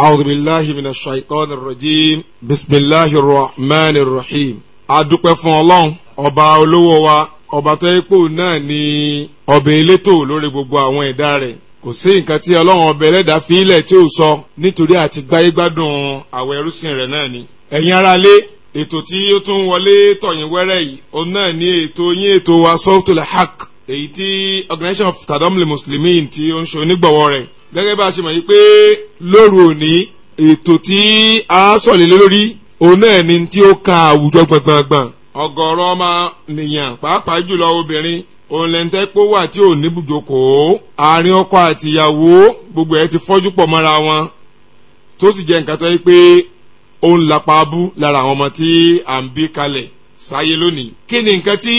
أعوذ بالله من الشيطان الرجيم بسم الله الرحمن الرحيم adúpẹ́ fún ọlọ́run ọba olówó wa ọba tó yẹ kó náà ni ọba elétò lórí gbogbo àwọn ẹ̀dá rẹ̀ kò sí nǹkan tí ọlọ́run ọba ẹlẹ́dàá fi ilẹ̀ tí ò sọ nítorí àti gbáyégbádùn àwọn ẹrúsìn rẹ̀ náà ni. ẹ̀yin aráalé ètò tí ó tún wọlé tọ̀yìn wẹ́rẹ́ yìí òun náà ni ètò yín ètò wa sọ́tòlá hàk èyí tí organisation of tadamle muslimi tí ó ń ṣe onígbọ̀wọ́ rẹ̀ gẹ́gẹ́ bá a ṣe mọ̀ yí pé lóru òní ètò tí a sọ̀lẹ̀ lórí òun náà ni tí ó ka àwùjọ gbọ̀ngbọ̀ngbọ̀n ọgọ́rọ̀ ọmọ nìyàn pàápàá jùlọ obìnrin òun lẹ́ńtẹ́ pé wà tí ò ní bùjókòó àárín ọkọ àti ìyàwó gbogbo ẹ̀ ti fọ́jú pọ̀ mọ́ra wọn tó sì jẹ́ nǹkan tó yẹ pé òun làpá abú lára àwọn ọmọ tí à ń bí kalẹ̀ sáyé lónìí kí ni nǹkan tí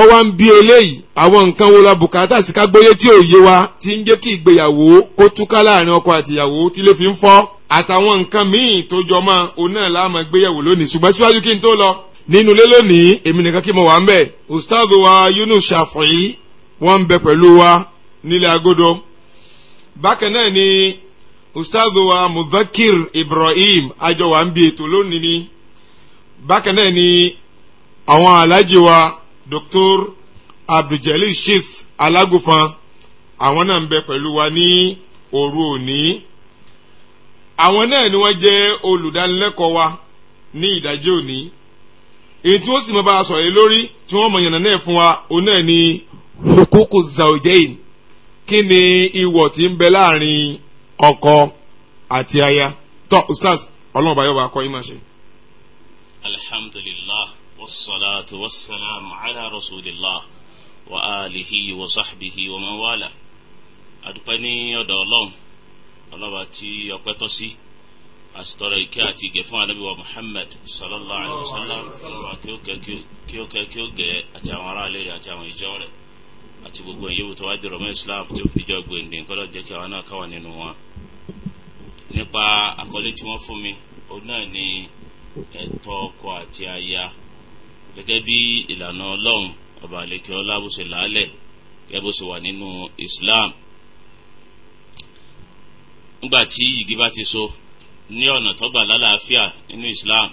ọwọ́ ń bí eléyìí àwọn nǹkan wo la bùkátà sí kágbóyé tí ò yé wa ti ń jẹ́ kí ìgbéyàwó kó túká láàrin ọkọ àtìyàwó tí lè fi ń fọ́ àtàwọn nǹkan míì tó jọ mọ́ òun náà la máa gbéyàwó lónìí ṣùgbọ́n síwájú kí n tó lọ nínú ilé lónìí èmi nìkan kí mo wà ń bẹ̀ ustaz wa Yunus Shafi'i wọ́n ń bẹ pẹ̀lú wa nílé agodo bákan náà ni ustaz wa Mudhakir Ibrahim àjọ wa ń bi ètò lónìí ni bákan náà ni àwọn alájí wa Dr. Abduljalil Sheikh Alágúnfọn àwọn náà ń bẹ pẹ̀lú wa ní òru òní àwọn náà ni wọ́n jẹ́ olùdánilẹ́kọ̀ọ́ wa ní ìdájọ́ òní èyí tí wọ́n sì máa bá a sọ̀rọ̀ lórí tí wọ́n mọ̀ náà fún wa òun náà ni hukuku zaujain kí ni ìwọ̀ tí ń bẹ láàrin ọkọ àti aya tó ustaz ọlọ́run bá yọ̀ kọ́ yín máa ṣe. alhamdulillah. والصلاة والسلام على رسول الله وآله وصحبه ومن والاه أدقني يدولون الله باتي يقتصي asitọrọ ike àti ìgẹ̀ fún anabi wa muhammad sallallahu alayhi kí ó kẹ́ kí ó gẹ̀ àti àwọn ará ilé àti àwọn ìjọ rẹ̀ àti gbogbo ẹ̀yẹ́ wò tó wá dìrọ̀ islam tó fi jọ gbèǹde nkọ́lọ́ jẹ́ kí àwọn náà káwọn nínú wọn. nípa àkọlé tí wọ́n fún mi òun náà ni ẹ̀tọ́ ọkọ àti aya gẹ́gẹ́ bí ìlànà ọlọ́run ọba àlekè ọlá bó ṣe làálẹ̀ gẹ́gẹ́ bó ṣe wà nínú Islam nígbà tí yìgì bá ti so ní ọ̀nà tọ́gbà lálàáfíà nínú Islam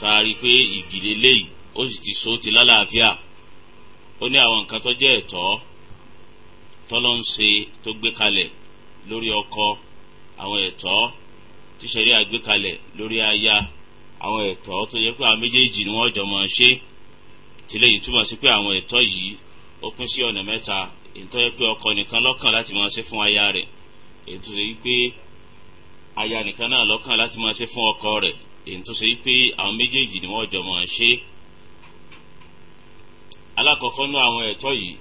tá a rí i pé yìgì lélẹ́yìí ó sì ti so ti lálàáfíà ó ní àwọn nǹkan tó jẹ́ ẹ̀tọ́ tọ́lọ́ ń ṣe tó gbé kalẹ̀ lórí ọkọ àwọn ẹ̀tọ́ tíṣẹ̀rí àgbékalẹ̀ lórí aya àwọn ẹ̀tọ́ tó yẹ pé àwọn méjèèjì ni wọ́n jọ máa ṣe tìlẹ̀ yìí túmọ̀ sí pé àwọn ẹ̀tọ́ yìí ó pín sí ọ̀nà mẹ́ta èyí tó yẹ pé ọkọ nìkan lọ́kàn láti máa ṣe fún aya rẹ̀ èyí tó pé aya nìkan náà lọ́kàn láti máa ṣe fún ọkọ rẹ̀ èyí tó pé àwọn méjèèjì ni wọ́n jọ máa ṣe. alákọ̀ọ́kọ́ nú àwọn ẹ̀tọ́ yìí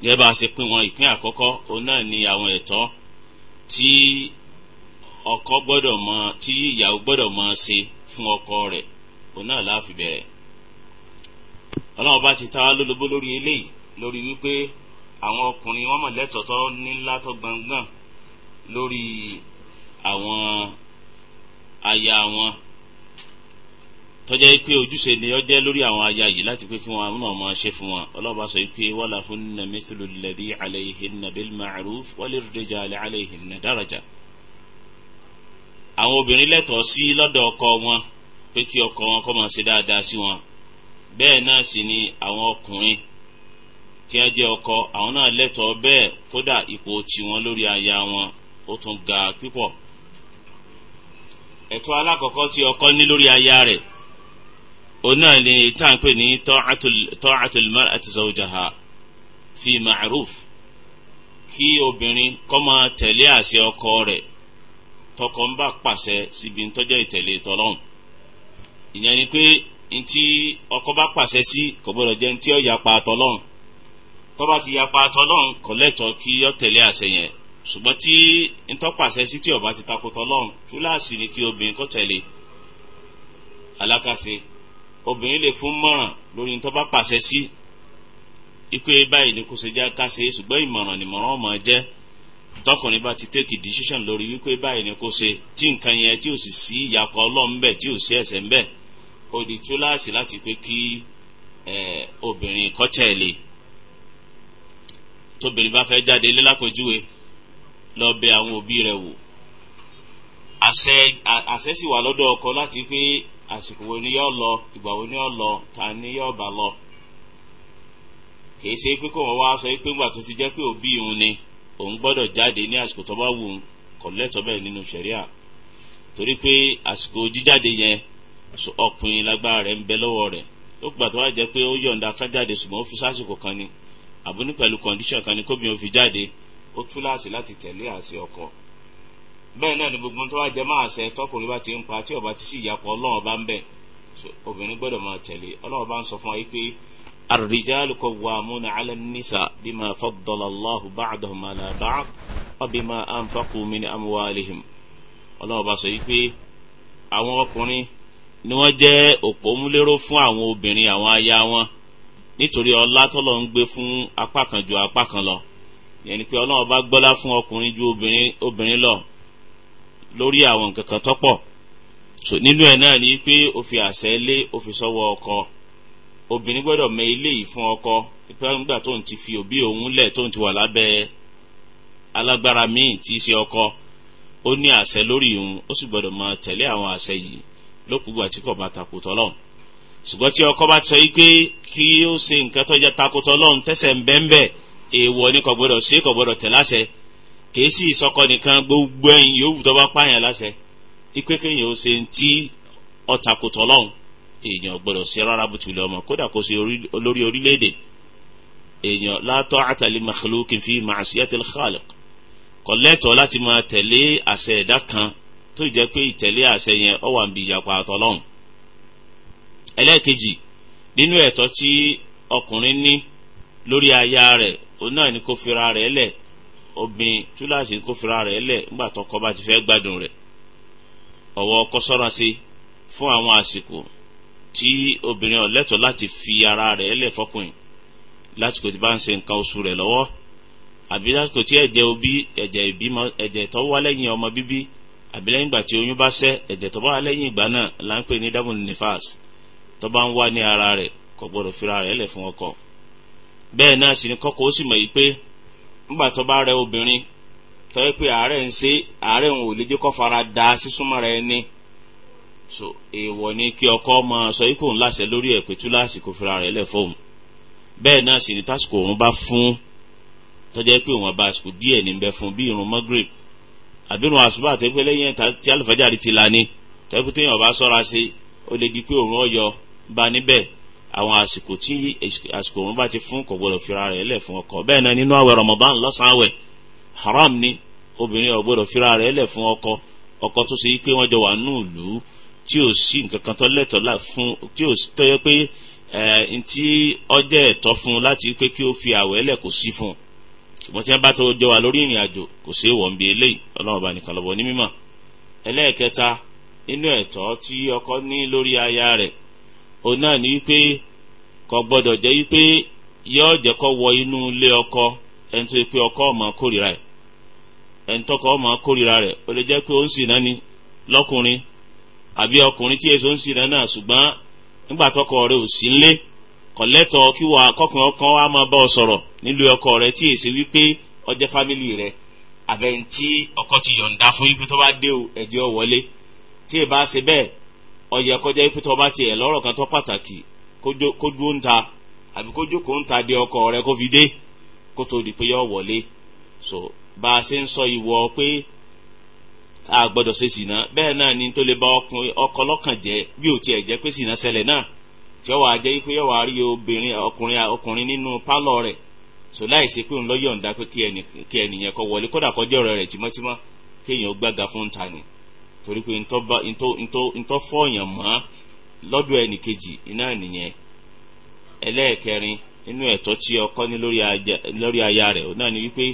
gẹ́gẹ́ bá a ṣe pín wọn ìpín àkọ́kọ́ òun náà ni àwọn ẹ̀tọ́ tí ọkọ gbọ́dọ̀ mọ tí ìyàwó gbọ́dọ̀ mọ ṣe fún ọkọ rẹ̀ òun náà láàfin bẹ̀rẹ̀ ọlọ́run bá ti ta wá lólobó lórí eléyìí lórí wípé àwọn ọkùnrin wọn mọ̀ lẹ́tọ̀ọ́tọ́ nílá tó gbangban lórí àwọn aya wọn tọ́jà yìí pé ojúṣe ni ó lórí àwọn aya yìí láti pé kí wọn náà máa ṣe fún wọn ọlọ́ba sọ yìí pé walahunna mithlu alladhi alayhinna bil ma'ruf walirrijali alayhinna daraja àwọn obìnrin lẹ́tọ̀ọ́ sí lọ́dọ̀ ọkọ wọn pé kí ọkọ wọn kọ́ máa ṣe dáadáa sí wọn bẹ́ẹ̀ náà sì ni àwọn ọkùnrin tí wọ́n jẹ́ ọkọ àwọn náà lẹ́tọ̀ọ́ bẹ́ẹ̀ kódà ipò tiwọn lórí aya wọn ó tún ga púpọ̀ ẹ̀tọ́ alákọ̀ọ́kọ́ tí ọkọ ní lórí aya rẹ̀ òun náà ni tá à ń pè ní ta'atul mar'ati zawjaha fi ma'ruf kí obìnrin kó máa tẹ̀lé àṣẹ ọkọ rẹ̀ tọkọ ń bá pàṣẹ síbi ń tọ́jọ́ ìtẹ̀lé tọlọ́hun ìyẹn ni pé ntí ọkọ bá pàṣẹ sí kò gbọdọ̀ jẹ́ ntí ó yapa tọlọ́hun tó bá ti yapa tọlọ́hun kò lẹ́tọ̀ọ́ kí ó tẹ̀lé àṣẹ yẹn ṣùgbọ́n tí ntọ́pàṣẹ sí tí ó ti tako tọlọ́hun túláàsì ni kí obìnrin kó tẹ̀lé alákàṣe obìnrin lè fún mọ̀ràn lórí ntọ́ bá pàṣẹ sí ikú báyìí ni kò ṣe jẹ́ káṣe ṣùgbọ́n ìmọ̀ràn nìmọ̀ràn ọmọ jẹ́ tọkùnrin bá ti take decision lórí wípé báyìí ni kò ṣe tí nǹkan yẹn tí ò sì sí ìyàpọ̀ ọlọ́run bẹ́ẹ̀ tí ò sí ẹ̀ṣẹ̀ bẹ́ẹ̀ ó di túláàsì láti pé kí obìnrin kọ́tẹ̀lé tóbìnrin bá fẹ́ jáde ilé lápẹjúwe lọ bẹ àwọn òbí rẹ̀ wò àṣẹ àṣẹ sì wà lọ́dọ̀ ọkọ láti pé àsìkò wo ni yóò lọ ìgbà wo ni yóò lọ ta ni yóò bá lọ kì í ṣe pé kò wọ́n wá sọ pé ńgbà tó ti jẹ́ pé òbí òun ni òun gbọ́dọ̀ jáde ní àsìkò tó bá wù ú kò lẹ́tọ̀ọ́ nínú ṣẹ̀ríà torí pé àsìkò jíjáde yẹn ọkùnrin lágbára rẹ̀ ń bẹ lọ́wọ́ rẹ̀ ó gbà tó wá jẹ́ pé ó yọ̀ǹda ká jáde ṣùgbọ́n ó fi sásìkò kan ni àbí ní pẹ̀lú kọ̀ǹdíṣàn kan ni kóbìnrin ó fi jáde ó tú láàsì láti tẹ̀lé àṣẹ ọkọ bẹ́ẹ̀ náà ni gbogbo tó wá jẹ́ máa ṣe tọkùnrin bá ti ń pa tí ọba ti sì yàpọ̀ ọlọ́run bá ń bẹ̀ obìnrin gbọ́dọ̀ máa tẹ̀lé ọlọ́run bá ń sọ fún wa yìí pé الرجال قوامون على النساء بما فضل الله بعضهم على بعض وبما أنفقوا من أموالهم ọlọ́run bá sọ àwọn ọkùnrin ni wọ́n jẹ́ òpómúléró fún àwọn obìnrin àwọn aya wọn nítorí ọlá tọ́lọ̀ ń gbé fún apá kan ju apá kan lọ yẹn pé ọlọ́run bá gbọ́lá fún ọkùnrin ju obìnrin obìnrin lọ lórí àwọn nǹkan kan tọ́pọ̀ nínú ẹ̀ náà ni pé ó àṣẹ lé ó fi ọkọ. So, obìnrin gbọ́dọ̀ mọ eléyìí fún ọkọ nígbà tó ń ti fi òbí òun lẹ̀ tó ń ti wà lábẹ́ alágbára míì tí í ṣe ọkọ ó ní àṣẹ lórí òun ó sì gbọ́dọ̀ máa tẹ̀lé àwọn àṣẹ yìí lókùgbà tí kò bá takò tọ́lọ́run ṣùgbọ́n tí ọkọ bá sọ yìí pé kí ó ṣe nǹkan tó jẹ́ takò tọ́lọ́run tẹ́sẹ̀ ń bẹ́ńbẹ́ èèwọ̀ ni kò gbọ́dọ̀ ṣe kò gbọ́dọ̀ tẹ̀ láṣẹ kìí sì sọkọ nìkan gbogbo ẹ̀yìn yòówù tó bá pààyàn láṣẹ ikú kéèyàn ṣe ń tí ọ̀takò tọ́lọ́run èèyàn gbọ́dọ̀ sí rárá bó tilẹ̀ ọmọ kódà kó sí olórí orílẹ̀-èdè èèyàn la ta'ata li makhluqin fi ma'siyatil khaliq kò lẹ́tọ̀ọ́ láti máa tẹ̀lé àṣẹ ẹ̀dá kan tó jẹ́ pé ìtẹ̀lé àṣẹ yẹn ó wà ń bi ìyapa àtọ́lọ́hùn. ẹlẹ́ẹ̀kejì nínú ẹ̀tọ́ tí ọkùnrin ní lórí aya rẹ̀ òun náà ni kó fira rẹ̀ lẹ̀ obìnrin túláàsì ni kó fira rẹ̀ lẹ̀ nígbà tọkọ bá ti fẹ́ gbádùn rẹ̀ ọ̀wọ́ ọkọ sí fún àwọn àsìkò tí obìnrin ò lati láti fi ara rẹ̀ lẹ̀ fọkùnrin lásìkò tí bá ń ṣe nǹkan oṣù rẹ̀ lọ́wọ́ àbí lásìkò tí ẹ̀jẹ̀ obi ẹ̀jẹ̀ ìbímọ ẹ̀jẹ̀ tó wá lẹ́yìn ọmọ bíbí àbí lẹ́yìn ìgbà tí oyún bá ẹ̀jẹ̀ tó bá wá lẹ́yìn ìgbà náà là ń pè ní nifas tó bá ń wá ara rẹ̀ kò gbọdọ̀ rẹ̀ ọkọ bẹ́ẹ̀ náà sì ni kọ́kọ́ ó sì mọ̀ yìí rẹ obìnrin yẹ pé àárẹ̀ ń àárẹ̀ so èèwọ̀ ni kí ọkọ máa sọ ikú ńláṣẹ lórí ẹ̀ pé túláàsì kò fira rẹ̀ lẹ̀ fóun bẹ́ẹ̀ náà sì ni tásìkò òun bá fún tọ́jẹ́ pé òun àbá àsìkò díẹ̀ ní bẹ fún bí irun magrib àbírun àṣùbà tó pé lẹ́yìn tí alùfájàrí ti lani tẹ́kù téèyàn ọba sọ́ra sí ó lè di pé òun ọ̀yọ́ bá níbẹ̀ àwọn àsìkò tí àsìkò òun bá ti fún kò gbọdọ̀ fira rẹ̀ lẹ̀ fún ọkọ bẹ́ẹ̀ náà nínú àwẹ̀ Ramadan lọ́sàn haram ni obìnrin ò gbọdọ̀ fira rẹ̀ lẹ̀ fún ọkọ ọkọ tó ṣe pé wọ́n jọ wà nù lùú tí ò sí nǹkan kan tó lẹ́tọ̀ọ́ là fún tí ò tó yẹ pé ntí ọjẹ́ ẹ̀tọ́ fún un láti pé kí ó fi àwẹ̀ lẹ̀ kò sí fún un ṣùgbọ́n tí wọ́n bá tó jọ wà lórí ìrìn àjò kò sí èèwọ̀ nbí eléyìí ọlọ́run bá nìkan lọ́bọ̀ ní mímọ́ ẹlẹ́ẹ̀kẹta nínú ẹ̀tọ́ tí ọkọ ní lórí aya rẹ̀ òun náà ní wípé kò gbọ́dọ̀ jẹ́ wípé yóò jẹ́ kó wọ inú ilé ọkọ ẹni tó yẹ pé ọkọ ọmọ kórìíra rẹ̀ ẹni tọkọ ọmọ kórìíra rẹ̀ ó lè jẹ́ pé ó ń sìn náà ni lọ́kùnrin àbí ọkùnrin tí èso ń sinra náà ṣùgbọ́n nígbà tọkọ rẹ ò sí nlé kọ̀lẹ́tọ̀ kí wà kọkùnrin ọkàn wa máa bá ọ sọ̀rọ̀ nílùú ọkọ rẹ tí èsì wípé ọjẹ́ fámìlì rẹ àbẹ̀yìn tí ọkọ ti yọ̀ǹda fún yín tó bá dé o ẹ̀jẹ̀ ọ wọlé tí ì bá ṣe bẹ́ẹ̀ ọyẹ kọjá yín tó bá tiẹ̀ lọ́rọ̀ kan tó pàtàkì kó dúró ń kó so bá a ṣe ń a gbọdọ ṣe sìnà bẹẹ náà ni ba ọkọ lọ́kàn jẹ́ bí ò tiẹ̀ jẹ́ pé sìnà ṣẹlẹ̀ náà tí ó wàá jẹ́ pé yóò wàá rí obìnrin ọkùnrin ọkùnrin nínú pálọ̀ rẹ so láì ṣe pé òun lọ yọ̀ǹda pé kí ẹnìyẹn kó wọlé kódà kó jẹ́ gbága fún ni torí pé ntọ́ mọ́ lọ́dọ̀ iná nìyẹn ẹlẹ́ẹ̀kẹrin ẹ̀tọ́ tí ọkọ ní aya rẹ̀ òun náà ni wípé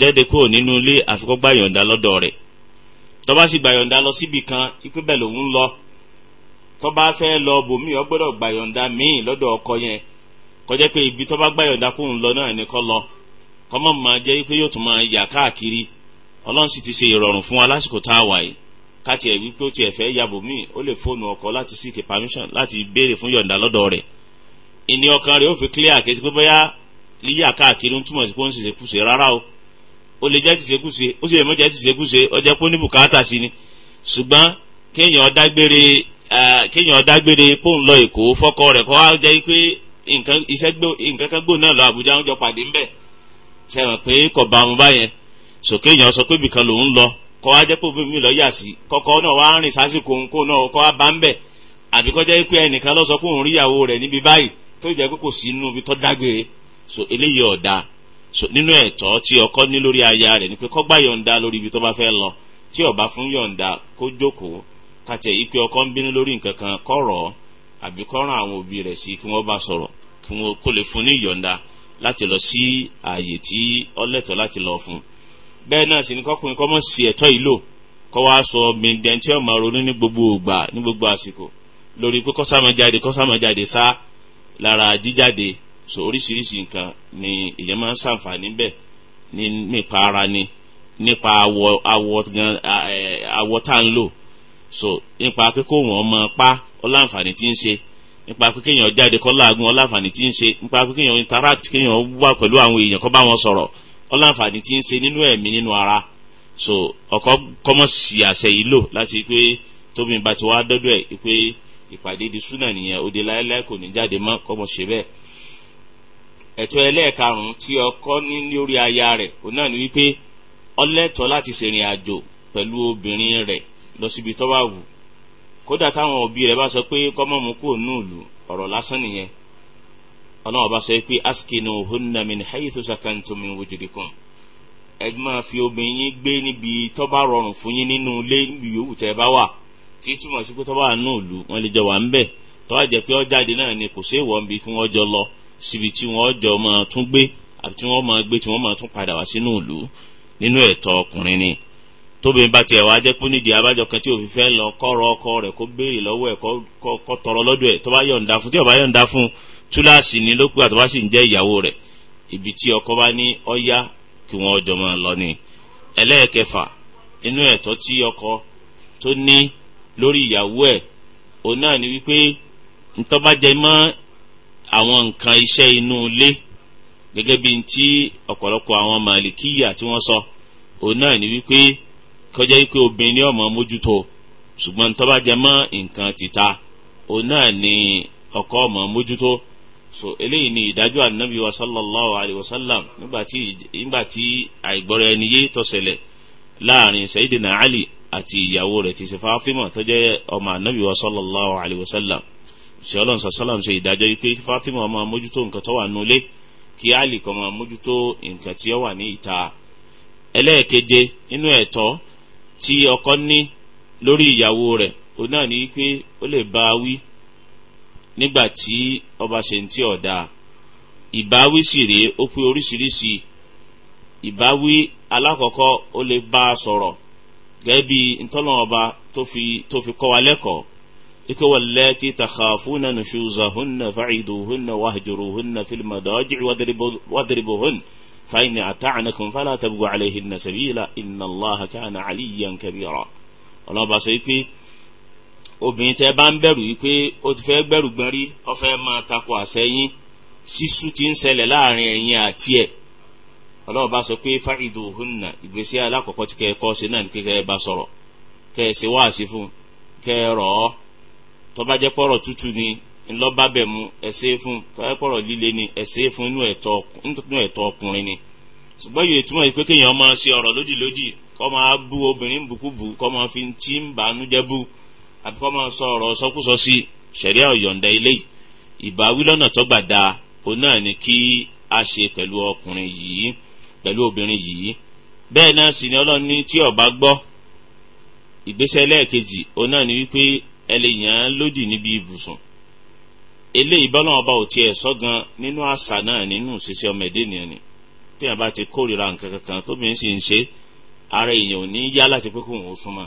jáde kúrò nínú ilé àfikọ́gbà yọ̀ǹda tó bá sì gbàyọ̀ǹda lọ síbi kan ipò bẹ́ẹ̀ lòun lọ tó bá fẹ́ lọ bòmíì ó gbọ́dọ̀ gbàyọ̀ǹda míì lọ́dọ̀ ọkọ yẹn kó jẹ́ pé ibi tó bá gbàyọ̀ǹda kóun lọ náà ni kó lọ kó má máa jẹ́ pé yóò tún máa yà káàkiri ọlọ́run sì ti ṣe ìrọ̀rùn fún wa lásìkò tá a wà yìí káti ẹ̀ wípé ó tiẹ̀ fẹ́ ya bòmíì ó lè fóònù ọkọ láti seek permission láti béèrè fún yọ̀ǹda lọ́dọ̀ kesi pé bóyá yíyà káàkiri ń túmọ̀ sí pé ó ń ó lè jẹ́ tìṣekúṣe ó sì lè mọ́ jẹ́ tìṣekúṣe ọjọ́ pé ó ní bùkátà sí ni ṣùgbọ́n kéèyàn dágbére kéèyàn dágbére pò ń lọ èkó fọ́kọ rẹ̀ kọ́ á jẹ́ pé nǹkan iṣẹ́ nǹkan kan gbòó náà lọ àbújá ń jọ pàdé ńbẹ̀ sẹ́wọ̀n pé kò bá mu báyẹn sọ kéèyàn sọ pé ibìkan lòún lọ kọ́ á jẹ́ pé òbí mi lọ yà sí kọ́kọ́ náà wá rìn sásìkò òun náà kọ́ á bá àbí kọ́ pé ẹnìkan lọ sọ pé òun rí ìyàwó rẹ̀ níbi báyìí tó jẹ́ pé kò sí inú ibi tó dágbére so eléyìí ọ̀dà nínú ẹ̀tọ́ tí ọkọ ní lórí aya rẹ̀ ni pé kó gba yọ̀ǹda lórí ibi tó bá fẹ́ lọ tí ó bá fún yọ̀ǹda kó jókòó kàtẹ́ ipe ọkọ ń bínú lórí nǹkan kan kó rọ̀ àbí kó rán àwọn òbí rẹ̀ sí kí wọ́n bá sọ̀rọ̀ kí wọ́n kó lè fún ní yọ̀ǹda láti lọ sí ààyè tí ó lẹ́tọ̀ọ́ láti lọ fún bẹ́ẹ̀ náà sì ni kọ́kùnrin kọ́ mọ̀ sí ẹ̀tọ́ yìí lò kọ́ wá sọ gbẹ̀ndẹ̀ntì ọ̀mà ronú ní gbogbo ògbà ní gbogbo àsìkò lórí pé kọ́sàmọ́jáde kọ́sàmọ́jáde sá lára jíjáde so oríṣiríṣi nǹkan ni èyàn máa ń ṣàǹfààní bẹ̀ ní nípa ara ni nípa awọ awọ gan awọ tá ń lò so nípa pé kó wọn máa pa ọláǹfààní tí ń ṣe nípa pé kéèyàn jáde kó láàgùn ọláǹfààní tí ń ṣe nípa pé kéèyàn interact kéèyàn wà pẹ̀lú àwọn èèyàn kó bá wọn sọ̀rọ̀ ọláǹfààní tí ń ṣe nínú ẹ̀mí nínú ara so ọkọ kọmọ sí àṣẹ yìí lò láti pé tóbi bá ti wá dọdọ ẹ pé ìpàdé di súnà nìyẹn òde láéláé kò ní jáde mọ́ kọmọ ṣe bẹ́ẹ̀ ẹ̀tọ́ ẹlẹ́ẹ̀karùn-ún tí ọkọ ní lórí aya rẹ̀ òun náà ni wípé ọlẹ́tọ̀ láti ṣèrìn àjò pẹ̀lú obìnrin rẹ̀ lọ síbi tó bá wù kódà táwọn òbí rẹ̀ bá sọ pé kọ́mọ̀mù kò nù lù ọ̀rọ̀ lásán nìyẹn ọlọ́wọ́ bá sọ pé askinu hunna min haythu sakantum min wujudikum ẹ máa fi obìnrin yín gbé níbi tó bá rọrùn fún yín nínú ilé níbi yòówù tẹ́ bá wà tí túmọ̀ sí pé tó bá nù lù wọ́n lè jọ wà ń bẹ̀ tó wá jẹ́ pé ó náà ni kò sí èèwọ̀ níbi kí lọ síbi tí wọ́n jọ máa tún gbé àbí tí wọ́n máa gbé tí wọ́n máa tún padà wá sínú ìlú nínú ẹ̀tọ́ ọkùnrin ni tóbi bá tiẹ̀ wá jẹ́ pé nídìí abájọ kan tí òfin fẹ́ lọ kọ́rọ̀ ọkọ rẹ̀ kó béèrè lọ́wọ́ ẹ̀ kó tọrọ lọ́dọ̀ ẹ̀ tó bá yọ̀ǹda fún tí ó bá yọ̀ǹda fún túláàsì ni ló pé àtọ́bá sì ń jẹ́ ìyàwó rẹ̀ ibi tí ọkọ bá ní ọ̀yá kí wọ́n jọ máa lọ ni. ẹlẹ́ẹ̀kẹfà inú ẹ̀tọ́ tí ọkọ tó ní lórí ìyàwó ẹ̀ òun náà ni wípé ntọ́bájẹ mọ́ àwọn nǹkan iṣẹ́ inú ilé gẹ́gẹ́ bí ti ọ̀pọ̀lọpọ̀ àwọn màlìkíyà tí wọ́n sọ òun náà ni wípé kọjá wípé obìnrin ni ọmọ mójútó ṣùgbọ́n tó bá jẹ mọ́ nǹkan títa òun náà ni ọkọ ọmọ mójútó so eléyìí ni ìdájọ́ ànábì wa sallallahu alayhi wa sallam nígbà tí àìgbọ́ra ẹni yé tó ṣẹlẹ̀ láàrin Sayyidina Ali àti ìyàwó rẹ̀ ti ṣe Fátímà tó jẹ́ ọmọ ànábì wa sallallahu alayhi wa sallam ṣe ọlọ́run sàṣàlám ṣe ìdájọ́ yìí pé Fatima máa mójútó nǹkan tó wà nulé kí Ali kó máa mójútó nǹkan tí ó wà ní ìta ẹlẹ́ẹ̀keje nínú ẹ̀tọ́ tí ọkọ ní lórí ìyàwó rẹ̀ ó náà ní pé ó lè bá a nígbà tí ó bá ń tí ọ̀dà ìbáwí sì rèé ó pé oríṣiríṣi ìbáwí alákọ̀ọ́kọ́ ó lè bá a sọ̀rọ̀ gẹ́gẹ́ bí ntọ́lọ́wọ́ba tó fi kọ́ wa lẹ́kọ̀ọ́ ike wallati takhafuna nushuzahunna fa'iduhunna wahjuruhunna fil madaji' wadribuhunna fa in ata'nakum fala tabghu alayhinna sabila inna allaha kana aliyan kabira ọlọ́ba sọ pé obìnrin tẹ́ bá ń bẹ̀rù yìí pé ó ti fẹ́ gbẹ̀rù gbọ́n rí ó fẹ́ máa takò àṣẹ yín sísú ti ń ṣẹlẹ̀ láàrin ẹ̀yin àti ẹ̀ ọlọ́ba sọ pé fa'iduhunna ìgbésí alákọ̀ọ́kọ́ ti kẹ́ ẹ kọ́ sí náà ní kíkẹ́ ẹ bá sọ̀rọ̀ kẹ́ ẹ ṣe wáàsí fún kẹ́ ẹ rọ̀ ọ́ tọ́ba jẹ́ pọ̀rọ̀ tútù ni ńlọ́ba bẹ̀ mu ẹ̀sẹ̀ fún tọ́ba jẹ́ pọ̀rọ̀ líle ni ẹ̀sẹ̀ fún inú ẹ̀tọ́ ọkùnrin ni ṣùgbọ́n yìí túmọ̀ pé kéèyàn máa ṣe ọ̀rọ̀ lódìlódì kọ́ máa bú obìnrin bùkúbù kọ́ máa fi tí ń bàánú jẹ́ bú àbí kọ́ máa sọ ọ̀rọ̀ sọkúsọ sí ṣẹ̀ríà ọ̀yọ̀ǹda ilé ìbáwí lọ́nà tó gbà dáa òun náà ni kí a ṣe pẹ̀lú ọkùnrin yìí pẹ̀lú obìnrin yìí bẹ́ẹ̀ náà sì ni ọlọ́run tí ọba gbọ́ ìgbésẹ̀ lẹ́ẹ̀kejì òun náà ni wípé ẹ lè yàn án lódì níbi ibùsùn eléyìí bọ́lá ọba ò tiẹ̀ sọ́gan nínú àṣà náà nínú ṣiṣẹ́ ọmọ ẹ̀dẹ́ nìyẹn ni tí a bá ti kórìíra nǹkan kankan tóbi ń sì ń ṣe ara èèyàn ò ní yá láti pé kóun ó súnmọ́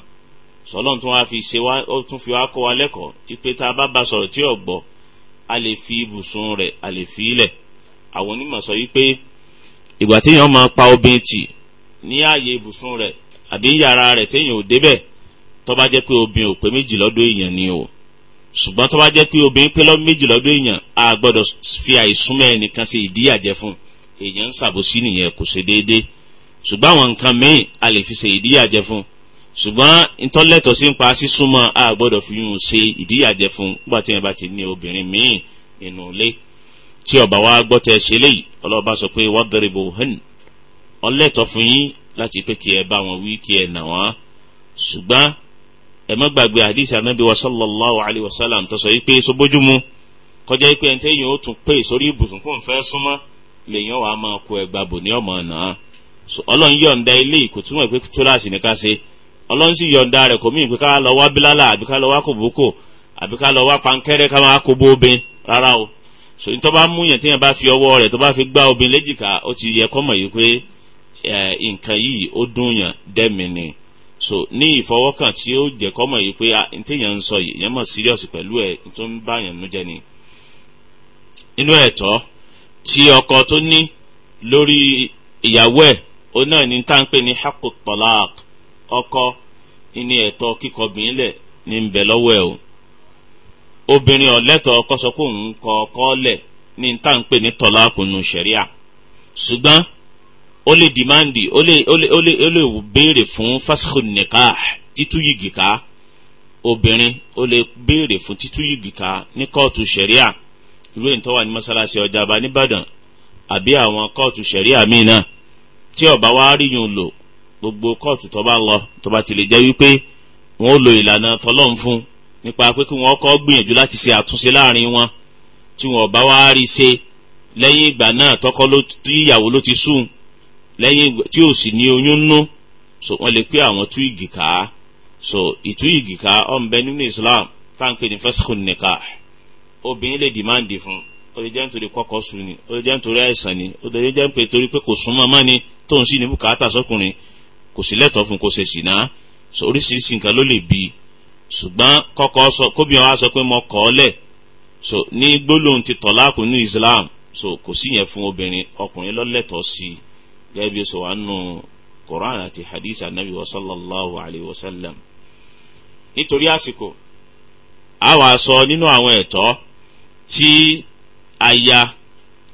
sọlọ́n tún wáá fi ṣe wá ó tún fi wá kó wa lẹ́kọ̀ọ́ ipe tá a bá ba sọ̀rọ̀ tí ò gbọ́ a lè fi ibùsùn rẹ̀ a lè fi ilẹ̀ àwọn onímọ̀ sọ wípé ìgbà téèyàn máa pa obìnrin tì ní ààyè ibùsùn rẹ̀ àbí yàrá rẹ̀ téèyàn ò débẹ̀ tó bá jẹ́ pé obìnrin ò pé méjì lọ́dọ̀ èèyàn ni o ṣùgbọ́n tó bá jẹ́ pé obìnrin pé lọ́dọ̀ méjì lọ́dọ̀ èèyàn a gbọ́dọ̀ fi àìsúnmọ́ ẹnìkan ṣe ìdíyàjẹ fún èèyàn ń ṣàbòsí nìyẹn kò ṣe déédé ṣùgbọ́n àwọn nǹkan míì a lè fi ṣe ìdíyàjẹ fún ṣùgbọ́n ntọ́lẹ́tọ̀ sí ń pa sísúnmọ́ a gbọ́dọ̀ fi yún un ṣe ìdíyàjẹ fún nígbà tí yẹn bá ti ní obìnrin míì nínú ilé tí ọba wa gbọ́ tẹ ṣe léyìí ṣùgbọ́n ẹ má gbàgbé àdìsí anábì wa sallallahu alayhi wa sallam tó sọ yìí pé sobójúmu kọjá yìí pé ẹni tẹ́yìn ó tún pè sórí ibùsùn kó n fẹ́ súnmọ́ lèyìn wàá máa kó ẹgbà bò ní ọmọ náà ọlọ́run yọ̀ǹda ilé kò túmọ̀ pé túláàsì ní ká ṣe ọlọ́run sì yọ̀ǹda rẹ̀ kò míì pé ká lọ wá bílálà àbí ká lọ wá kòbókò àbí ká lọ wá pankẹ́rẹ́ ká máa kó bóbin rárá o so ní tó bá mú yẹn téèyàn bá fi ọwọ́ rẹ̀ tó bá fi gbá obìn léjìká ó ti yẹ kọ́mọ̀ yìí pé nǹkan yìí ó dùn yàn dẹ́mi so ní ìfọwọ́kàn tí ó jẹ́ kọ́mọ̀ yìí pé ntẹ̀yàn ń sọ yìí yẹn mọ̀ síríọ̀sì pẹ̀lú ẹ̀ tó ń bá yẹn nú jẹ́ ni inú ẹ̀tọ́ tí ọkọ tó ní lórí ìyàwó ẹ̀ ó náà ní tá à ń pè ní hakku ọkọ ní ẹ̀tọ́ kíkọ obìnrin ní ń bẹ lọ́wọ́ ẹ̀ o obìnrin ọ̀lẹ́tọ̀ ọkọ sọ pé òun kọ ọkọ lẹ̀ ní tá à ń pè ní talaq nù ṣẹ̀ríà ṣùgbọ́n ó lè dìmáǹdì ó lè ó lè ó lè ó lè béèrè fún fásikò nìkah títú yìgì ká obìnrin ó lè béèrè fún títú yìgì ká ní kóòtù ṣẹ̀ríà irú èyí tó wà ní mọ́sálásí ọjàba nìbàdàn àbí àwọn kóòtù ṣẹ̀ríà míì náà tí ọba wa rí yun lò gbogbo kóòtù tó bá lọ tó bá ti lè jẹ́ wípé wọ́n ó lo ìlànà tọlọ́run fún nípa pé kí wọ́n kọ́ gbìyànjú láti ṣe àtúnṣe láàrin wọn tí wọ́n bá wa rí ṣe lẹ́yìn ìgbà náà tọkọ ló tí ìyàwó ló ti sùn lẹ́yìn tí ò sì ní oyún nú so wọ́n lè pé àwọn tú igi ká so ìtú igi ká ọ̀nbẹ nínú Islam táǹpé ní fẹ́sìkò nìka obìnrin lè dìmáàndì fún ó lè jẹ́ nítorí kọ́kọ́ sùn ni ó lè jẹ́ nítorí àìsàn ni ó lè jẹ́ nítorí pé kò sún mọ́mọ́ ni tóun sì ní bùkátà sọkùnrin kò sí lẹ́tọ̀ọ́ fún kò ṣe sì ná so oríṣiríṣi nǹkan ló lè bí ṣùgbọ́n kọ́kọ́ sọ kóbìnrin wa sọ pé mo kọ́ ọ lẹ̀ so ní gbólóhùn ti tọ́láàkù ní Islam so kò sí yẹn fún obìnrin ọkùnrin lọ́lẹ́tọ̀ọ́ sí i gẹ́gẹ́ bí ó sọ wà nù àti hadith anabi wa sallallahu alayhi wa sallam nítorí àsìkò a wà sọ nínú àwọn ẹ̀tọ́ tí aya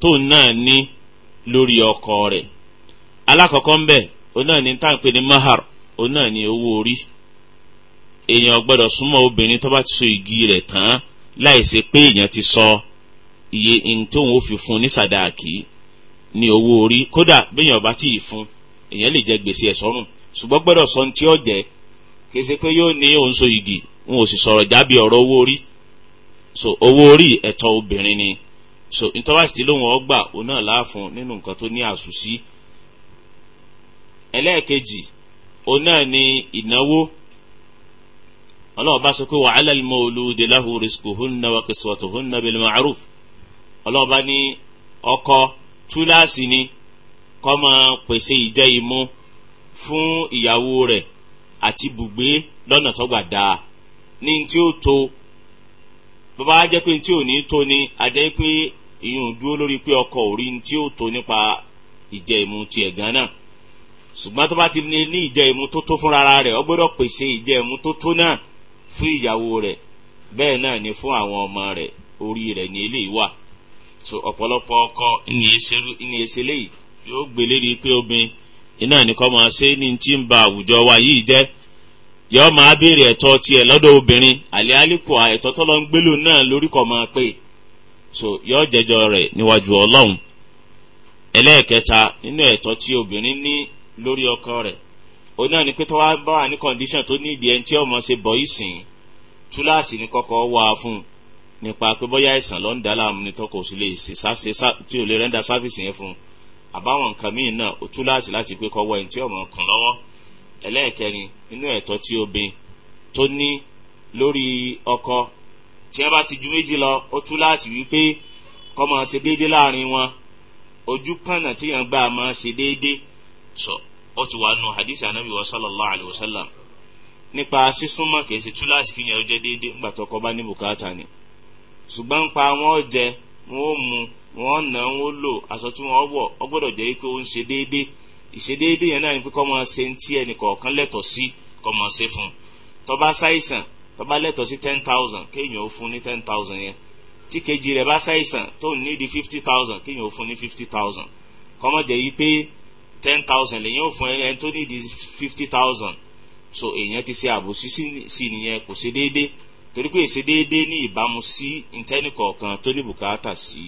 tó náà ní lórí ọkọ rẹ̀ alákọ̀ọ́kọ́ ń bẹ òun náà ní táǹpé ní mahar òun náà ní owó orí èèyàn gbọ́dọ̀ súnmọ́ obìnrin tó bá ti so igi rẹ̀ tán láì ṣe pé èèyàn ti sọ iye ntòun ó fi fún ní sàdáàkì ní owó orí kódà bẹ́yìn ọba tí ì fún èèyàn lè jẹ gbèsè ẹ̀ sọ́rùn ṣùgbọ́n gbọ́dọ̀ sọ ní tí ó jẹ́ kése pé yóò ní òun so igi n ò sì sọ̀rọ̀ jábì ọ̀rọ̀ owó orí so owó orí ẹ̀tọ́ obìnrin ni so ntọ́wásítì lóun ọgbà òun náà láàfún nínú nǹkan tó ní àṣùsí ẹlẹ́ẹ̀kejì òun náà ni ìnáwó ọlọ́wọ́ bá sọ pé wa 'ala al-mawludi lahu rizquhunna wa kiswatuhunna bil ma'ruf ọlọ́wọ́ bá ní ọkọ túláàsì ni kó máa pèsè ìjẹ ìmu fún ìyàwó rẹ̀ àti bùgbé lọ́nà tó gbà dáa ní tí ó tó bàbá jẹ́ pé tí ò ní tó ni á jẹ́ pé ìyún dúró lórí pé ọkọ ò rí tí ó tó nípa ìjẹ ìmu tiẹ̀ gan náà ṣùgbọ́n tó bá ti ní ìjẹ ìmu tó tó fúnra rẹ̀ ó gbọ́dọ̀ pèsè ìjẹ ìmu tó tó náà fún ìyàwó rẹ̀ bẹ́ẹ̀ náà ni fún àwọn ọmọ rẹ̀ orí rẹ̀ ní eléyìí wà so ọ̀pọ̀lọpọ̀ ọkọ ní èsè léyìí yóò gbé lérí pé obìnrin iná nìkọ́ máa ṣe ní tí ń ba àwùjọ wa yìí jẹ́ yóò máa béèrè ẹ̀tọ́ tiẹ̀ lọ́dọ̀ obìnrin àlẹ́ àlékò ẹ̀tọ́ tọ́lọ́ ń gbélò náà lórúkọ máa pè so yóò jẹjọ rẹ̀ níwájú ọlọ́run ẹlẹ́ẹ̀kẹta nínú ẹ̀tọ́ tí obìnrin ní lórí ọkọ rẹ̀ ó náà ni pé tó wá bá wà ní condition tó ní ìdí ẹni tí ọmọ ṣe bọ̀ ìsìn túláàsì ní kọ́kọ́ wá fún un nípa pé bóyá àìsàn ló ń dá láàmú ni tọkọ òsì lè ṣe tí ò lè rẹ́ńdà sáfìsì yẹn fún un àbáwọn nǹkan míì náà ó tú láti láti pé kọ́wọ́ ẹni tí ọmọ kan lọ́wọ́ ẹlẹ́ẹ̀kẹrin nínú ẹ̀tọ́ tí obìnrin tó ní lórí ọkọ tí wọ́n bá ti ju méjì lọ ó tú láti wípé kọ́ máa ṣe déédé láàrin wọn ojú kànnà tí yẹn gbà máa ṣe déédé sọ ó ti wà nù hadith anabi wa sallallahu alayhi wa sallam nípa sísúnmọ́ kìí ṣe tú láti kí yẹn ó jẹ́ déédé ńgbà tọkọ bá ní bùkátà ni ṣùgbọ́n ń pa wọn jẹ wọn ó mu wọn nà ń lò aṣọ tí wọn wọ̀ ọ gbọ́dọ̀ jẹ́ pé ó ń ṣe déédéé ìṣe déédéé yẹn náà ni pé kọ́ máa ṣe ń tí ẹnì kọ̀ọ̀kan lẹ́tọ̀ọ́ sí kọ́ máa ṣe fún un tó ṣàìsàn tó bá sí ten thousand kéèyàn ó fún ní ten thousand yẹn tí kejì rẹ̀ bá ṣàìsàn tó ní di fifty thousand kéèyàn ó fún ní fifty thousand kọ́ máa jẹ́ yí pé ten thousand lèyìn ò fún ẹni tó ní di fifty thousand so èèyàn ti ṣe àbòsí sí nìyẹn kò ṣe déédéé torí pé èsè déédéé ní ìbámu sí ntẹ́nì kọ̀ọ̀kan tó ní bùkátà sí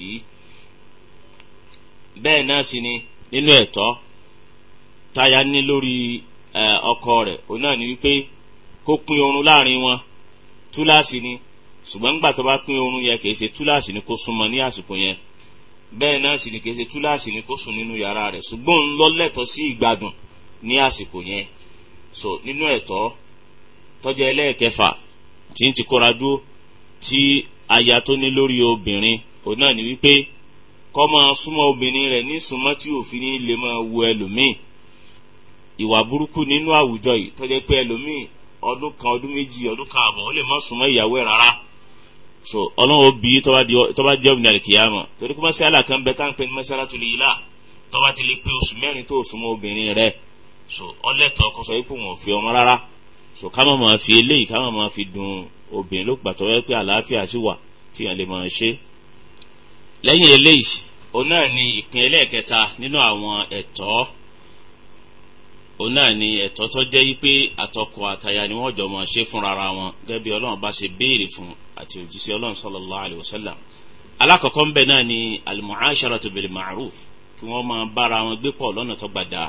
bẹ́ẹ̀ náà sì ni nínú ẹ̀tọ́ táyà ní lórí ọkọ rẹ̀ òun náà ni wípé kó pín oorun láàrin wọn túláàsì ni ṣùgbọ́n nígbà tó bá pín oorun yẹn kìí ṣe túláàsì ni kó súnmọ́ ní àsìkò yẹn bẹ́ẹ̀ náà sì ni kìí ṣe túláàsì ni kó sùn nínú yàrá rẹ̀ ṣùgbọ́n ń lọ lẹ́tọ̀ọ́ sí ìgbádùn ní àsìkò yẹn so nínú ẹ̀tọ́ tó ẹlẹ́ẹ̀kẹfà tí ń ti kóra dúró tí aya tó ní lórí obìnrin òun náà ni wípé kó máa súnmọ́ obìnrin rẹ̀ ní súnmọ́ tí òfin lè máa wo ẹlòmíì ìwà burúkú nínú àwùjọ yìí tó jẹ́ pé ẹlòmíì ọdún kan ọdún méjì ọdún kan àbọ̀ ó lè má súnmọ́ ìyàwó ẹ̀ rárá so ọlọ́run òbí tó bá jẹ́ òmìnira kìyàmọ̀ torí kó mọ́sálà kan bẹ tá à ń pè ní mọ́sálà tó lè yí là tó bá ti lè pé oṣù mẹ́rin tó súnmọ́ obìnrin rẹ̀ so ọlẹ́tọ̀ kó sọ wípé ò fi ọmọ rárá so ká má máa fi eléyìí ká má máa fi dun obìnrin ló gbàtọ́ wẹ́ pé àlàáfíà sì wà tí yẹn lè máa ṣe lẹ́yìn eléyìí òun náà ni ìpín ẹlẹ́ẹ̀kẹta nínú àwọn ẹ̀tọ́ òun náà ni ẹ̀tọ́ tó jẹ́ wípé àtọkọ àtaya ni wọ́n jọ máa ṣe fúnra wọn gẹ́gẹ́ bí ọlọ́run bá ṣe béèrè fún àti òjíṣẹ́ ọlọ́run sallallahu alaihi wasallam alákọ̀ọ́kọ́ ńbẹ náà ni al-mu'asharatu bil ma'ruf kí wọ́n máa bára wọn gbé pọ̀ lọ́nà tó gbàdá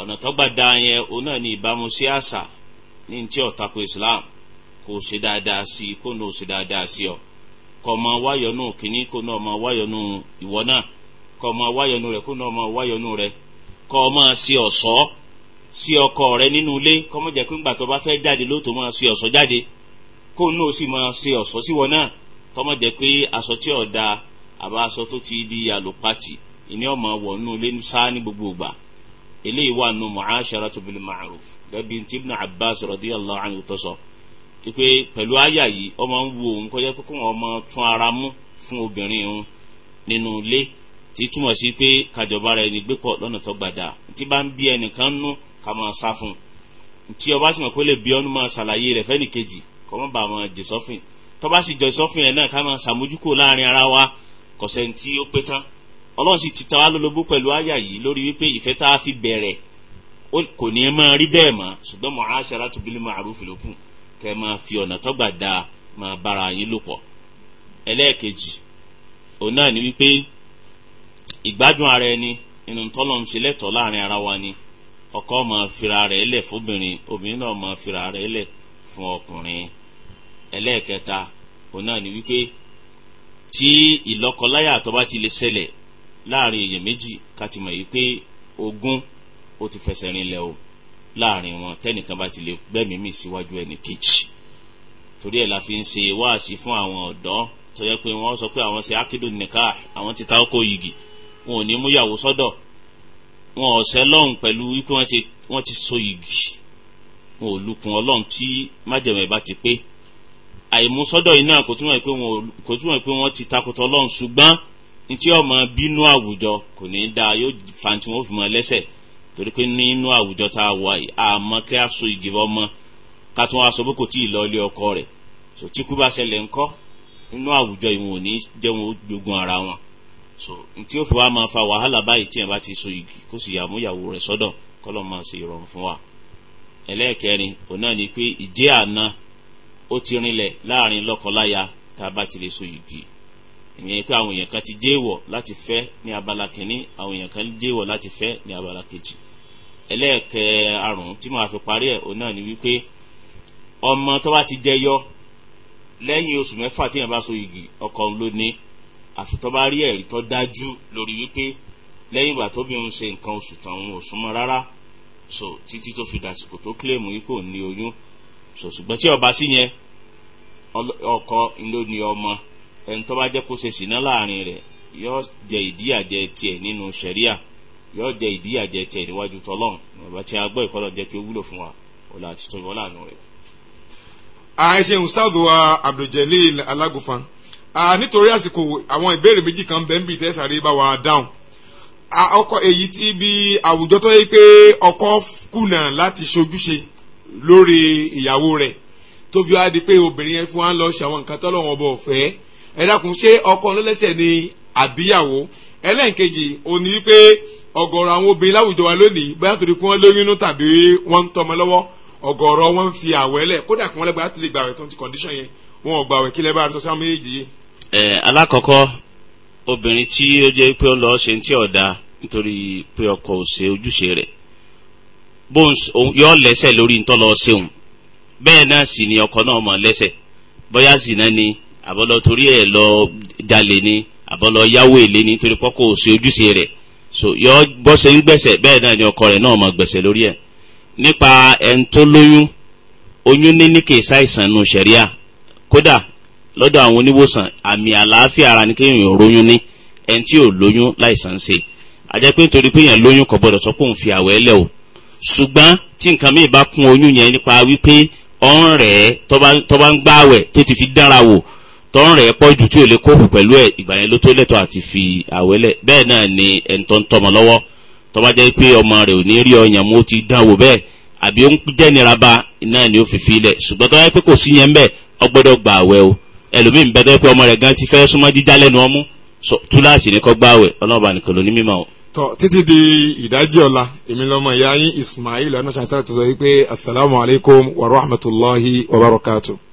ọ̀nà tó gbàdá yẹn òun náà ni ìbámu sí àṣà ní ntí ọ̀tako islam kò ṣe dáadáa sí i kó náà ṣe dáadáa sí ọ kọ ọmọ wáyọnù kínní kó náà ọmọ wáyọnù ìwọ náà kọ ọmọ wáyọnù rẹ kó náà ọmọ wáyọnù rẹ kọ ọmọ sí ọ̀ṣọ́ sí ọkọ rẹ nínú ilé kọmọ jẹ pé ńgbà tó bá fẹ́ jáde lóòótọ́ máa sí ọ̀ṣọ́ jáde kó náà sì máa sí ọ̀ṣọ́ síwọ náà kọmọ jẹ pé aṣọ tí ò da àbá aṣọ tó ti di àlòpàtì ìní ọmọ wọnú ilé sáà ní gbogbo ìgbà eléyìí wà nù mu'asharatu bil ma'ruf gẹ́gẹ́ tí ibn abbas radiyallahu anhu tó sọ pé pẹ̀lú aya yìí ọmọ ń wo òun kọjá kókó wọn ọmọ tún ara mú fún obìnrin òun nínú ilé tí túmọ̀ sí pé kàjọba rẹ̀ ní gbépọ̀ lọ́nà tó gbàdá tí bá ń bí ẹnìkan nú ká máa sá fún un tí ọba sì mọ̀ pé lè bí ọ́nú máa ṣàlàyé rẹ̀ fẹ́nì kejì kọ́ mọ́ bá máa jẹ sọ́fìn tọ́ba sì jọ sọ́fìn ẹ̀ náà ká máa ṣàmójúkò láàrin ara wa kọ̀sẹ̀ tí ó pé tán ọlọ́run sì ti ta wá lólobó pẹ̀lú àyà yìí lórí wípé ìfẹ́ tá a fi bẹ̀rẹ̀ kò ní máa rí bẹ́ẹ̀ mọ́ ṣùgbọ́n mu'asharatu bil ma'ruf lókun kẹ́ máa fi ọ̀nà tọ́gbà da máa bára yín lò pọ̀ ẹlẹ́ẹ̀kejì òun náà ni wípé ìgbádùn ara ẹni inú tọ́lọ̀ ń ṣe lẹ́tọ̀ọ́ láàrin ara wa ni ọkọ máa fira rẹ̀ lẹ̀ fóbìnrin obìnrin náà máa fira rẹ̀ lẹ̀ fún ọkùnrin ẹlẹ́ẹ̀kẹta òun náà ni wípé tí ìlọ́kọláyà tó bá ti lè ṣẹlẹ̀ láàrin èèyàn méjì ká ti mọ̀ yìí pé ogún ó ti fẹsẹ̀ rinlẹ̀ o láàrin wọn tẹ́nìkan bá ti lè gbẹ́mìí mì síwájú ẹnì kejì torí ẹ̀ la fi ń ṣe wáàsí fún àwọn ọ̀dọ́ tó yẹ pé wọ́n sọ pé àwọn ṣe ákídùn nìka àwọn ti ta ọkọ̀ yìgì wọn ò ní mú yàwó sọ́dọ̀ wọn ọ̀sẹ̀ lọ́hùn pẹ̀lú wípé wọ́n ti so yìgì wọn ò lukùn ọlọ́run tí májẹ̀mẹ̀ bá ti pé àìmúsọ́dọ̀ iná kò túmọ̀ pé wọ́n ti takùtọ̀ ọlọ́run ṣùgbọ́n ntí ọmọ bínú àwùjọ kò ní í dáa yóò fa tí wọ́n fi mọ ẹlẹ́sẹ̀ torí pé nínú àwùjọ tá a wà yìí àmọ́ kí a so igi ọmọ ká tún wá sọ pé kò tí ì lọ ilé ọkọ rẹ̀ so tí kú bá ṣẹlẹ̀ ńkọ́ nínú àwùjọ ìwọ̀n ò ní jẹ́ wọn gbógun ara wọn so tí ó fi wá máa fa wàhálà báyìí tí yẹn bá ti so igi kó sì yàmúyàwó rẹ̀ sọ́dọ̀ kọ́lọ́ máa ṣe ìrọ̀rùn fún wa ẹlẹ́ẹ̀kẹrin òun náà ni pé ìjẹ́ àná ó ti rinlẹ̀ láàrin lọ́kọláya tá a bá ti lè so igi ìyẹn pé àwọn èèyàn kan ti jẹ́ èèwọ̀ láti fẹ́ ní abala kìíní àwọn èèyàn kan jẹ́ èèwọ̀ láti fẹ́ ní abala kejì ẹlẹ́ẹ̀kẹẹ̀arùn tí màá fi parí ẹ̀ òun náà ni wípé ọmọ tó bá ti jẹyọ lẹ́yìn oṣù mẹ́fà téèyàn bá so igi ọkọ òun ló ní àfi tó bá rí ẹ̀rí tó dájú lórí wípé lẹ́yìn ìgbà tóbi òun ṣe nǹkan oṣù tán òun ò súnmọ́ rárá so títí tó fi dàsìkò tó kílèmù yìí kò ní oyún so ṣùgbọ́n tí ọba sí yẹn ọkọ ló ní ọmọ ẹni tó bá jẹ́ kó ṣe sìná láàrin rẹ̀ yóò jẹ ìdíyàjẹ tiẹ̀ nínú ṣẹ̀ríà yóò jẹ ìdíyàjẹ tiẹ̀ níwájú tọlọ́run bàbá tí a gbọ́ ìkọlọ jẹ kí ó wúlò fún wa ọlà àti tóbi àánú rẹ̀. àìṣe ustaadu wa abdulgelil alágùnfan nítorí àsìkò àwọn ìbéèrè méjì kan bẹ́ẹ̀ ń bì tẹ́sàrí bá wa dáhùn ọkọ èyí tí bí àwùjọ tó yẹ pé ọkọ kùnà láti ṣojúṣe lórí ìyàwó rẹ̀ tó fi wá di pé obìnrin yẹn fún wa ń lọ ṣe àwọn nǹkan tọ́lọ́wọ́n bọ̀ fẹ́ ẹ dákun ṣé ọkọ lọ́lẹ́sẹ̀ ni àbíyàwó ẹlẹ́ǹkejì òní wípé ọ̀gọ̀rọ̀ àwọn obìnrin láwùjọ wa lónìí bóyá torí pé wọ́n lóyún inú tàbí wọ́n ń tọmọ lọ́wọ́ ọ̀gọ̀rọ̀ wọn ń fi àwẹ̀ lẹ̀ kódà kí wọ́n lẹ́gbàá ti lè gbàwẹ̀ tó ti condition yẹn wọn ò gbàwẹ̀ kí lẹ́bàá sọ sáwọn méjèèjì yìí. ẹ alákọ̀ọ́kọ́ obìnrin tí ó jẹ́ pé ó lọ ṣe ti ọ̀dà nítorí pé ọkọ ò ṣe ojúṣe rẹ̀ bones yọ lẹ́sẹ̀ lórí ntọ́lọ ṣeun bẹ́ẹ̀ náà sì ni ọkọ náà mọ̀ lẹ́sẹ̀ bóyá sì náà ni àbọ̀lọ torí ẹ̀ lọ jalè ni àbọ̀lọ yáwó èlé ni torí pọ́kọ ò ṣe ojúṣe rẹ̀ so yọ bọ́ ṣe ń gbẹ̀sẹ̀ bẹ́ẹ̀ náà ni ọkọ rẹ̀ náà máa gbẹ̀sẹ̀ lórí ẹ̀ nípa ẹni tó lóyún oyún níní kì í ṣàìsàn nù ṣẹ̀ríà kódà lọ́dọ̀ àwọn oníwòsàn àmì àlàáfíà ara ni kéèyàn róyún ní ẹni tí ò lóyún láìsàn ṣe àjẹ́ pé nítorí pé èèyàn lóyún kò gbọ́dọ̀ sọ pé òun fi àwẹ̀ lẹ̀ o ṣùgbọ́n tí nǹkan míì bá kún oyún yẹn nípa wípé ọ̀n rẹ̀ tó bá ń gbààwẹ̀ tó ti fi dára wò tọ́run rẹ̀ pọ̀ jù tí ò lè kófù pẹ̀lú ẹ̀ ìgbà yẹn ló tó lẹ́tọ̀ àti fi àwẹ́lẹ̀ bẹ́ẹ̀ náà ni ẹni tó ń tọmọ lọ́wọ́ tó bá jẹ́ pé ọmọ rẹ̀ ò ní rí ọyàn mú ti dán wò bẹ́ẹ̀ àbí ó ń jẹ́ nira bá náà ni ó fi filẹ̀ ṣùgbọ́n tó yẹ pé kò sí yẹn bẹ́ẹ̀ ọ gbọ́dọ̀ gba àwẹ̀ o ẹlòmíín bẹ́ẹ̀ tó yẹ pé ọmọ rẹ̀ gan ti fẹ́ súnmọ́ jíjá lẹ́nu ọmú túláàsì ni kọ́ gbá àwẹ̀ ọlọ́ọ̀bà nìkan ló ní mímọ́ o. wa rahmatulahi wa barakatuh.